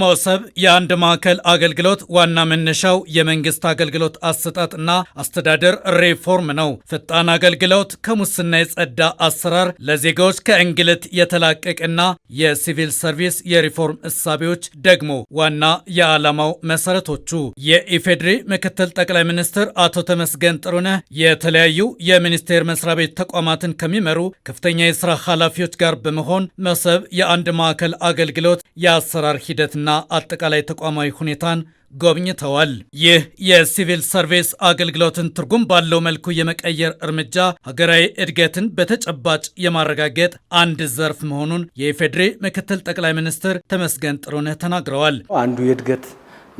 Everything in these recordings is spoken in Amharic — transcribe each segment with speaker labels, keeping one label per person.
Speaker 1: መሶብ የአንድ ማዕከል አገልግሎት ዋና መነሻው የመንግስት አገልግሎት አሰጣጥና አስተዳደር ሪፎርም ነው። ፈጣን አገልግሎት፣ ከሙስና የጸዳ አሰራር፣ ለዜጋዎች ከእንግልት የተላቀቀና የሲቪል ሰርቪስ የሪፎርም እሳቤዎች ደግሞ ዋና የዓላማው መሰረቶቹ። የኢፌዴሪ ምክትል ጠቅላይ ሚኒስትር አቶ ተመስገን ጥሩነህ የተለያዩ የሚኒስቴር መስሪያ ቤት ተቋማትን ከሚመሩ ከፍተኛ የስራ ኃላፊዎች ጋር በመሆን መሶብ የአንድ ማዕከል አገልግሎት የአሰራር ሂደት ስርዓትና አጠቃላይ ተቋማዊ ሁኔታን ጎብኝተዋል። ይህ የሲቪል ሰርቪስ አገልግሎትን ትርጉም ባለው መልኩ የመቀየር እርምጃ ሀገራዊ እድገትን በተጨባጭ የማረጋገጥ አንድ ዘርፍ መሆኑን የኢፌዴሪ ምክትል ጠቅላይ ሚኒስትር ተመስገን ጥሩነህ ተናግረዋል።
Speaker 2: አንዱ የእድገት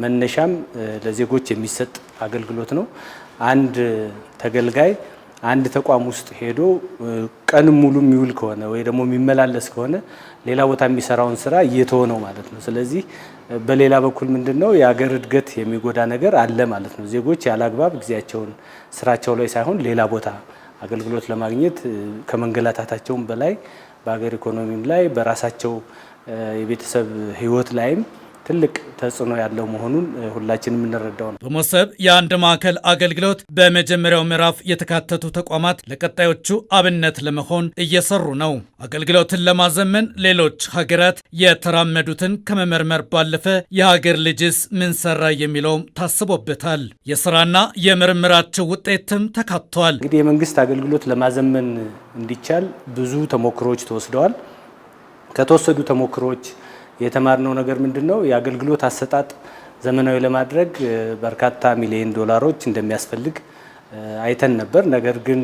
Speaker 2: መነሻም ለዜጎች የሚሰጥ አገልግሎት ነው። አንድ ተገልጋይ አንድ ተቋም ውስጥ ሄዶ ቀን ሙሉ የሚውል ከሆነ ወይ ደግሞ የሚመላለስ ከሆነ ሌላ ቦታ የሚሰራውን ስራ እየተወ ነው ማለት ነው። ስለዚህ በሌላ በኩል ምንድን ነው የሀገር እድገት የሚጎዳ ነገር አለ ማለት ነው። ዜጎች ያላግባብ ጊዜያቸውን ስራቸው ላይ ሳይሆን ሌላ ቦታ አገልግሎት ለማግኘት ከመንገላታታቸውም በላይ በሀገር ኢኮኖሚም ላይ በራሳቸው የቤተሰብ ህይወት ላይም ትልቅ ተጽዕኖ ያለው መሆኑን ሁላችንም እንረዳው ነው።
Speaker 1: በመሰብ የአንድ ማዕከል አገልግሎት በመጀመሪያው ምዕራፍ የተካተቱ ተቋማት ለቀጣዮቹ አብነት ለመሆን እየሰሩ ነው። አገልግሎትን ለማዘመን ሌሎች ሀገራት የተራመዱትን ከመመርመር ባለፈ የሀገር ልጅስ ምን ሰራ የሚለውም ታስቦበታል። የስራና የምርምራቸው ውጤትም ተካቷል።
Speaker 2: እንግዲህ የመንግስት አገልግሎት ለማዘመን እንዲቻል ብዙ ተሞክሮዎች ተወስደዋል። ከተወሰዱ ተሞክሮዎች የተማርነው ነገር ምንድን ነው? የአገልግሎት አሰጣጥ ዘመናዊ ለማድረግ በርካታ ሚሊዮን ዶላሮች እንደሚያስፈልግ አይተን ነበር። ነገር ግን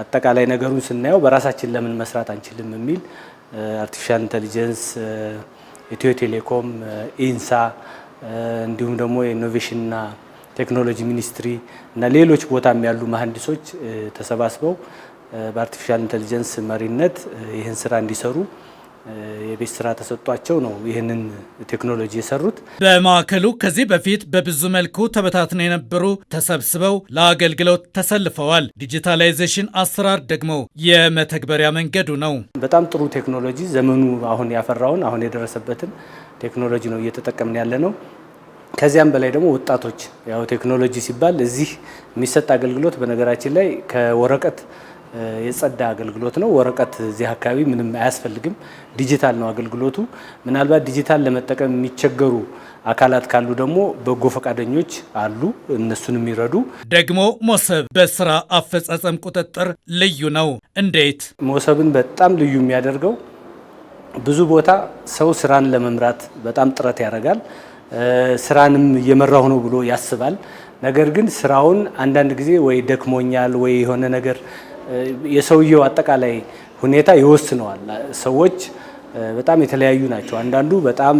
Speaker 2: አጠቃላይ ነገሩን ስናየው በራሳችን ለምን መስራት አንችልም የሚል አርቲፊሻል ኢንተሊጀንስ፣ ኢትዮ ቴሌኮም፣ ኢንሳ እንዲሁም ደግሞ የኢኖቬሽንና ቴክኖሎጂ ሚኒስትሪ እና ሌሎች ቦታም ያሉ መሀንዲሶች ተሰባስበው በአርቲፊሻል ኢንተሊጀንስ መሪነት ይህን ስራ እንዲሰሩ የቤት ስራ ተሰጧቸው ነው ይህንን ቴክኖሎጂ የሰሩት።
Speaker 1: በማዕከሉ ከዚህ በፊት በብዙ መልኩ ተበታትነው የነበሩ ተሰብስበው ለአገልግሎት ተሰልፈዋል። ዲጂታላይዜሽን አሰራር ደግሞ የመተግበሪያ መንገዱ ነው።
Speaker 2: በጣም ጥሩ ቴክኖሎጂ ዘመኑ አሁን ያፈራውን አሁን የደረሰበትን ቴክኖሎጂ ነው እየተጠቀምን ያለ ነው። ከዚያም በላይ ደግሞ ወጣቶች ያው ቴክኖሎጂ ሲባል እዚህ የሚሰጥ አገልግሎት በነገራችን ላይ ከወረቀት የጸዳ አገልግሎት ነው። ወረቀት እዚህ አካባቢ ምንም አያስፈልግም። ዲጂታል ነው አገልግሎቱ። ምናልባት ዲጂታል ለመጠቀም የሚቸገሩ አካላት ካሉ ደግሞ በጎ ፈቃደኞች አሉ፣ እነሱን የሚረዱ
Speaker 1: ደግሞ ሞሰብ በስራ አፈጻጸም ቁጥጥር ልዩ ነው። እንዴት
Speaker 2: ሞሰብን በጣም ልዩ የሚያደርገው ብዙ ቦታ ሰው ስራን ለመምራት በጣም ጥረት ያደርጋል። ስራንም እየመራሁ ነው ብሎ ያስባል። ነገር ግን ስራውን አንዳንድ ጊዜ ወይ ደክሞኛል ወይ የሆነ ነገር የሰውየው አጠቃላይ ሁኔታ ይወስነዋል። ሰዎች በጣም የተለያዩ ናቸው። አንዳንዱ በጣም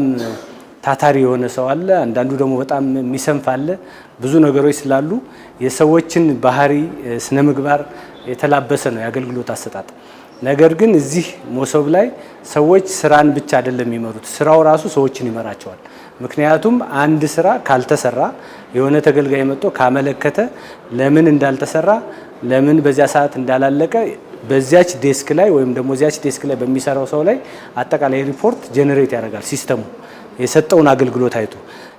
Speaker 2: ታታሪ የሆነ ሰው አለ፣ አንዳንዱ ደግሞ በጣም የሚሰንፍ አለ። ብዙ ነገሮች ስላሉ የሰዎችን ባህሪ፣ ስነ ምግባር የተላበሰ ነው የአገልግሎት አሰጣጥ። ነገር ግን እዚህ ሞሰብ ላይ ሰዎች ስራን ብቻ አይደለም የሚመሩት፣ ስራው ራሱ ሰዎችን ይመራቸዋል። ምክንያቱም አንድ ስራ ካልተሰራ የሆነ ተገልጋይ መጥቶ ካመለከተ ለምን እንዳልተሰራ ለምን በዚያ ሰዓት እንዳላለቀ በዚያች ዴስክ ላይ ወይም ደግሞ እዚያች ዴስክ ላይ በሚሰራው ሰው ላይ አጠቃላይ ሪፖርት ጀነሬት ያደርጋል ሲስተሙ የሰጠውን አገልግሎት አይቶ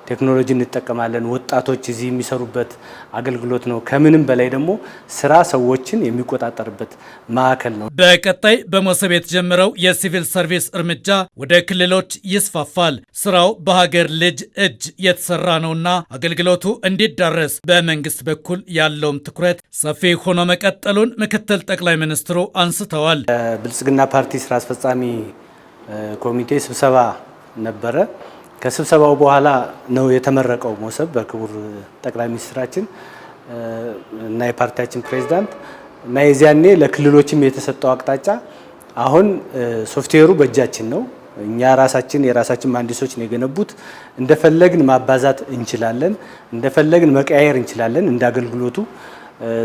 Speaker 2: ቴክኖሎጂ እንጠቀማለን። ወጣቶች እዚህ የሚሰሩበት አገልግሎት ነው። ከምንም በላይ ደግሞ ስራ ሰዎችን የሚቆጣጠርበት ማዕከል ነው።
Speaker 1: በቀጣይ በሞሰብ የተጀመረው የሲቪል ሰርቪስ እርምጃ ወደ ክልሎች ይስፋፋል። ስራው በሀገር ልጅ እጅ የተሰራ ነውና አገልግሎቱ እንዲዳረስ በመንግስት በኩል ያለውም ትኩረት ሰፊ ሆኖ መቀጠሉን ምክትል ጠቅላይ ሚኒስትሩ አንስተዋል።
Speaker 2: ብልጽግና ፓርቲ ስራ አስፈጻሚ ኮሚቴ ስብሰባ ነበረ። ከስብሰባው በኋላ ነው የተመረቀው ሞሰብ በክቡር ጠቅላይ ሚኒስትራችን እና የፓርቲያችን ፕሬዚዳንት እና የዚያኔ ለክልሎችም የተሰጠው አቅጣጫ አሁን ሶፍትዌሩ በእጃችን ነው። እኛ ራሳችን የራሳችን መሀንዲሶች ነው የገነቡት። እንደፈለግን ማባዛት እንችላለን፣ እንደፈለግን መቀያየር እንችላለን እንደ አገልግሎቱ።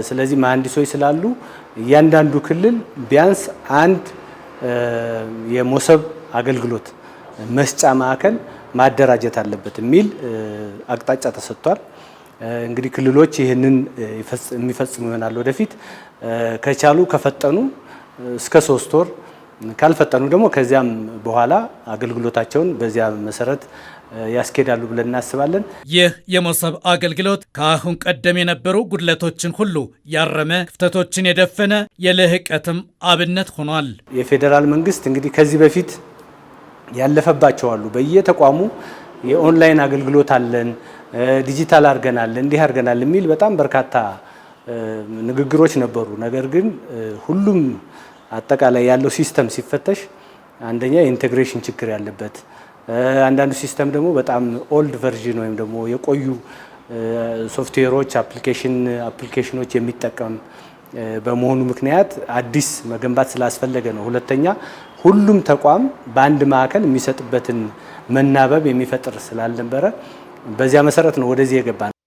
Speaker 2: ስለዚህ መሀንዲሶች ስላሉ እያንዳንዱ ክልል ቢያንስ አንድ የሞሰብ አገልግሎት መስጫ ማዕከል ማደራጀት አለበት የሚል አቅጣጫ ተሰጥቷል። እንግዲህ ክልሎች ይህንን የሚፈጽሙ ይሆናል። ወደፊት ከቻሉ ከፈጠኑ እስከ ሶስት ወር ካልፈጠኑ ደግሞ ከዚያም በኋላ አገልግሎታቸውን በዚያ መሰረት ያስኬዳሉ ብለን እናስባለን።
Speaker 1: ይህ የመሶብ አገልግሎት ከአሁን ቀደም የነበሩ ጉድለቶችን ሁሉ ያረመ፣ ክፍተቶችን የደፈነ የልህቀትም አብነት ሆኗል።
Speaker 2: የፌዴራል መንግስት እንግዲህ ከዚህ በፊት ያለፈባቸው አሉ። በየተቋሙ የኦንላይን አገልግሎት አለን፣ ዲጂታል አድርገናል፣ እንዲህ አድርገናል የሚል በጣም በርካታ ንግግሮች ነበሩ። ነገር ግን ሁሉም አጠቃላይ ያለው ሲስተም ሲፈተሽ አንደኛ የኢንቴግሬሽን ችግር ያለበት አንዳንዱ ሲስተም ደግሞ በጣም ኦልድ ቨርዥን ወይም ደግሞ የቆዩ ሶፍትዌሮች አፕሊኬሽን አፕሊኬሽኖች የሚጠቀም በመሆኑ ምክንያት አዲስ መገንባት ስላስፈለገ ነው። ሁለተኛ ሁሉም ተቋም በአንድ ማዕከል የሚሰጥበትን መናበብ የሚፈጥር ስላልነበረ በዚያ መሰረት ነው ወደዚህ የገባ ነው።